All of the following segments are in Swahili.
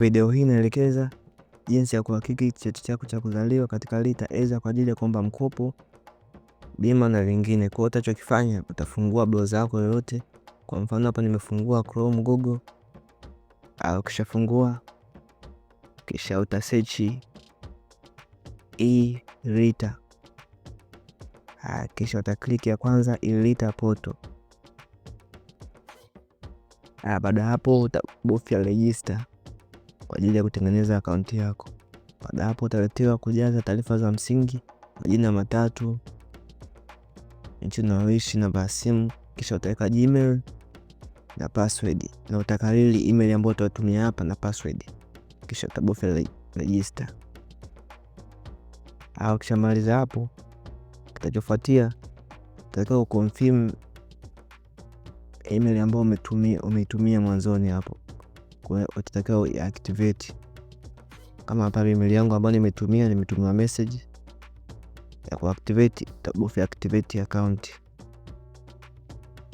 Video hii inaelekeza jinsi ya kuhakiki cheti chako cha kuzaliwa katika RITA aidha kwa ajili ya kuomba mkopo, bima na vingine. Kwa hiyo utachokifanya utafungua browser yako yoyote, kwa mfano hapa nimefungua Chrome, Google. Ah, ukishafungua kisha rita eRITA, ah, kisha utakliki ya kwanza e-RITA poto. Ah, baada hapo utabofya register kwa ajili ya kutengeneza akaunti yako. Baada hapo, utaletewa kujaza taarifa za msingi, majina matatu, nchi unayoishi, namba ya simu, kisha utaweka Gmail na password, na utakariri email ambayo utatumia hapa na password, kisha utabofya register au kisha maliza hapo, kitachofuatia utatakiwa kuconfirm email ambayo umeitumia mwanzoni hapo watakao iactivate. Kama hapa email yangu ambayo nimetumia, nimetumiwa message ya kuactivate, utabofya activate account.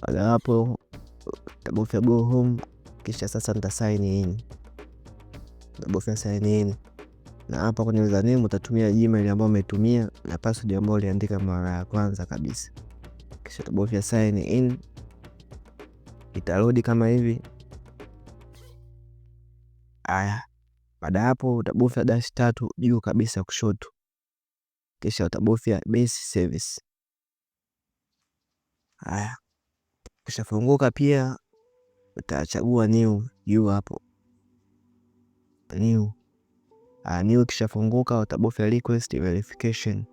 Baada hapo utabofya go home, kisha sasa nita sign in, utabofya sign in na hapa kwenye username utatumia Gmail ambayo umetumia na password ambayo uliandika mara ya kwanza kabisa, kisha utabofya sign in, itarudi kama hivi. Haya, baada hapo utabofya dashi tatu juu kabisa kushoto, kisha utabofya base service. Haya, kishafunguka pia utachagua new juu hapo new. Haya, new kishafunguka utabofya request verification.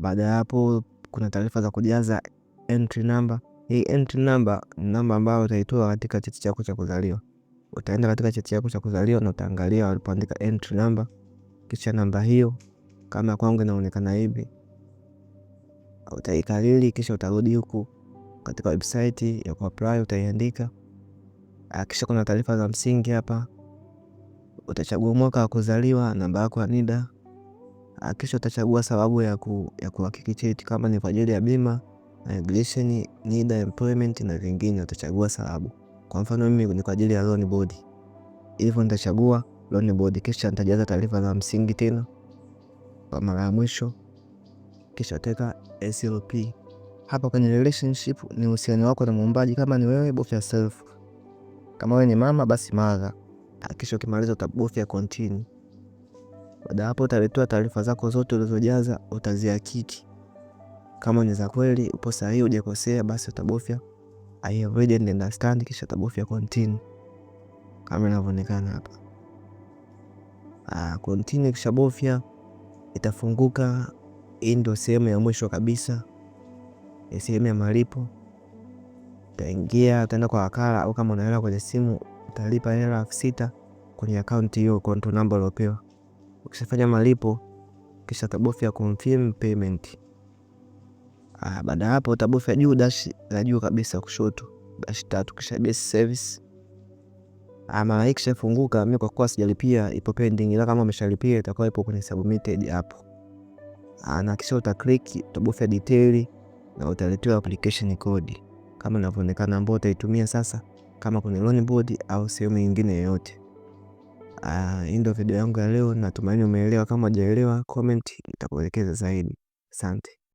baada ya hapo kuna taarifa za kujaza entry number. Hii entry number ni namba ambayo utaitoa katika cheti chako cha kuzaliwa utaenda katika cheti chako cha kuzaliwa na utaangalia walipoandika entry number, kisha namba hiyo kama kwangu inaonekana hivi, utaikariri kisha utarudi huku katika website ya kuapply utaiandika. Ah, kisha kuna taarifa za msingi hapa, utachagua mwaka wa kuzaliwa, namba yako ya NIDA, ah, kisha utachagua sababu ya ku, ya kuhakiki cheti, kama ni kwa ajili ya bima, migration, NIDA, employment na vingine, utachagua sababu. Kwa mfano mimi ni kwa ajili ya loan board, hivyo nitachagua loan board, kisha nitajaza taarifa za msingi tena kwa mara ya mwisho, kisha teka SLP. Hapa kwenye relationship ni uhusiano wako na muombaji. Kama ni wewe, bofya self. Kama wewe ni mama, basi mara. Kisha ukimaliza utabofya continue. Baada hapo utaletewa taarifa zako zote ulizojaza, utazihakiki. Kama ni za kweli, upo sahihi, hujakosea, basi utabofya I read and understand, kisha tabofya continue kama inavyoonekana hapa. Ah, continue kisha bofya, itafunguka. Hii ndio sehemu ya mwisho kabisa, sehemu ya malipo. Utaingia, utaenda kwa wakala au kama una hela kwenye simu utalipa hela elfu sita kwenye akaunti hiyo, konto namba uliopewa. Ukishafanya malipo, kisha tabofya confirm payment. Baada hapo utabofya juu dash la juu kabisa kushoto, dash tatu, kisha best service. ama ikisha funguka mimi kwa kuwa sijalipia ipo pending, ila kama umeshalipia itakuwa ipo kwenye submitted hapo. Na kisha uta click, utabofya detail na utaletewa application code kama inavyoonekana, ambayo utaitumia sasa kama kwenye loan board au sehemu nyingine yoyote. Hii ndio video yangu ya leo, natumaini umeelewa. Kama hujaelewa, comment itakuelekeza zaidi. Asante.